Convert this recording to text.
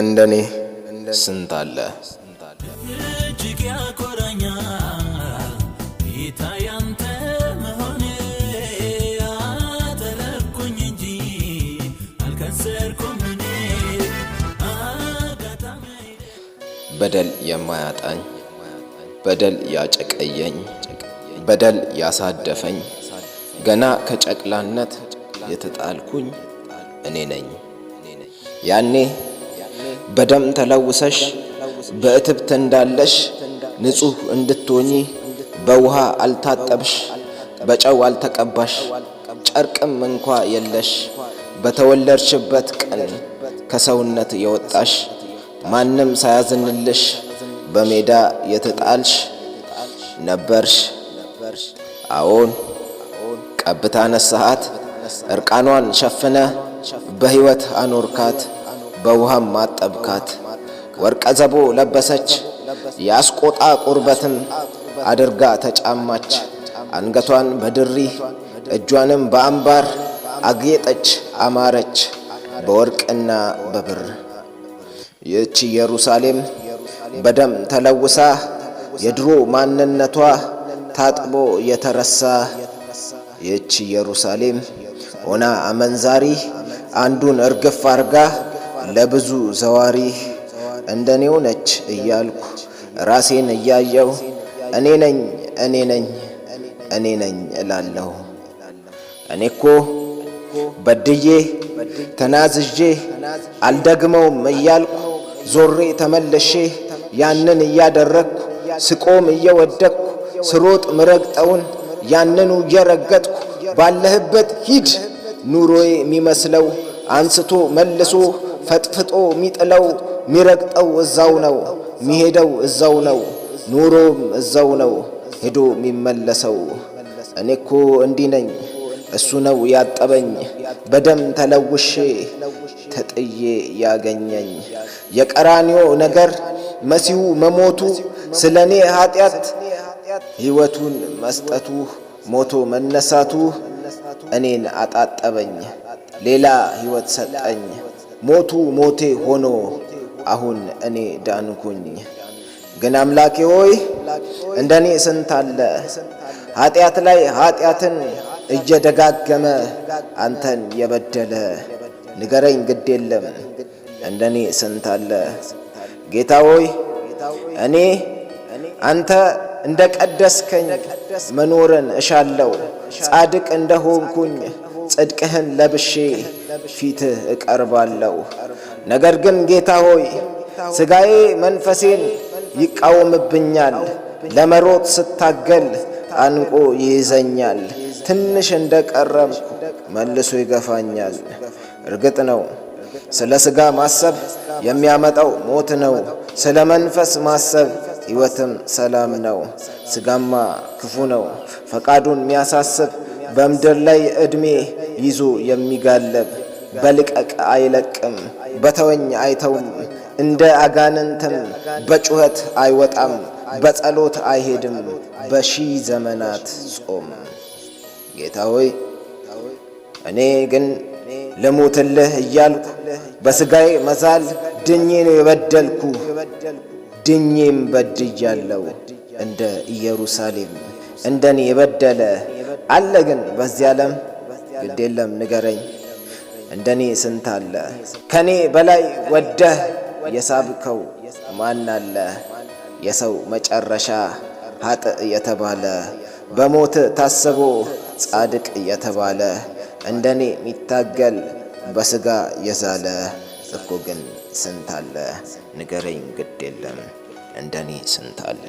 እንደኔ ስንት አለ? እጅግ እንጂ አልከሰርኩም። በደል የማያጣኝ በደል ያጨቀየኝ በደል ያሳደፈኝ ገና ከጨቅላነት የተጣልኩኝ እኔ ነኝ ያኔ በደም ተለውሰሽ በእትብት እንዳለሽ ንጹሕ እንድትሆኚ በውሃ አልታጠብሽ፣ በጨው አልተቀባሽ፣ ጨርቅም እንኳ የለሽ። በተወለድሽበት ቀን ከሰውነት የወጣሽ ማንም ሳያዝንልሽ በሜዳ የተጣልሽ ነበርሽ። አዎን ቀብታ ነስሃት፣ እርቃኗን ሸፍነ በሕይወት አኖርካት። በውሃም ማጠብካት። ወርቀ ዘቦ ለበሰች፣ የአስቆጣ ቁርበትን አድርጋ ተጫማች። አንገቷን በድሪ እጇንም በአምባር አጌጠች፣ አማረች በወርቅና በብር። ይህች ኢየሩሳሌም በደም ተለውሳ የድሮ ማንነቷ ታጥቦ የተረሳ ይህች ኢየሩሳሌም ሆና አመንዛሪ አንዱን እርግፍ አርጋ ለብዙ ዘዋሪ እንደኔው ነች እያልኩ ራሴን እያየው እኔ ነኝ እኔ ነኝ እኔ ነኝ እላለሁ። እኔ እኮ በድዬ ተናዝዤ አልደግመውም እያልኩ ዞሬ ተመለሼ ያንን እያደረግኩ ስቆም እየወደቅኩ ስሮጥ ምረግጠውን ያንኑ እየረገጥኩ ባለህበት ሂድ ኑሮዬ የሚመስለው አንስቶ መልሶ ፈጥፍጦ ሚጥለው ሚረግጠው እዛው ነው ሚሄደው እዛው ነው ኑሮም እዛው ነው ሄዶ የሚመለሰው እኔ እኮ እንዲህ ነኝ እሱ ነው ያጠበኝ በደም ተለውሼ ተጥዬ ያገኘኝ። የቀራንዮ ነገር መሲሁ መሞቱ ስለ እኔ ኃጢአት ሕይወቱን መስጠቱ ሞቶ መነሳቱ እኔን አጣጠበኝ ሌላ ሕይወት ሰጠኝ። ሞቱ ሞቴ ሆኖ አሁን እኔ ዳንኩኝ። ግን አምላኬ ሆይ እንደኔ ስንት አለ ኃጢአት ላይ ኃጢአትን እየደጋገመ አንተን የበደለ ንገረኝ፣ ግድ የለም እኔ ስንት አለ ጌታ ሆይ እኔ አንተ እንደ ቀደስከኝ መኖርን እሻለው ጻድቅ እንደሆንኩኝ ጽድቅህን ለብሼ ፊትህ እቀርባለሁ። ነገር ግን ጌታ ሆይ ሥጋዬ መንፈሴን ይቃወምብኛል። ለመሮጥ ስታገል አንቆ ይይዘኛል። ትንሽ እንደ ቀረብኩ መልሶ ይገፋኛል። እርግጥ ነው ስለ ሥጋ ማሰብ የሚያመጣው ሞት ነው። ስለ መንፈስ ማሰብ ሕይወትም ሰላም ነው። ሥጋማ ክፉ ነው፣ ፈቃዱን የሚያሳስብ በምድር ላይ ዕድሜ ይዞ የሚጋለብ በልቀቅ አይለቅም። በተወኝ አይተውም። እንደ አጋንንትም በጩኸት አይወጣም። በጸሎት አይሄድም። በሺህ ዘመናት ጾም ጌታ ሆይ እኔ ግን ልሞትልህ እያልኩ በሥጋዬ መዛል ድኜን የበደልኩ፣ ድኜም በድያለው እንደ ኢየሩሳሌም እንደኔ የበደለ አለ ግን በዚህ ዓለም ግድ የለም ንገረኝ፣ እንደኔ ስንት አለ? ከኔ በላይ ወደህ የሳብከው ማን አለ? የሰው መጨረሻ ሀጥ የተባለ በሞት ታስቦ ጻድቅ የተባለ እንደኔ ሚታገል በስጋ የዛለ እኮ ግን ስንት አለ? ንገረኝ ግድ የለም እንደኔ ስንት አለ?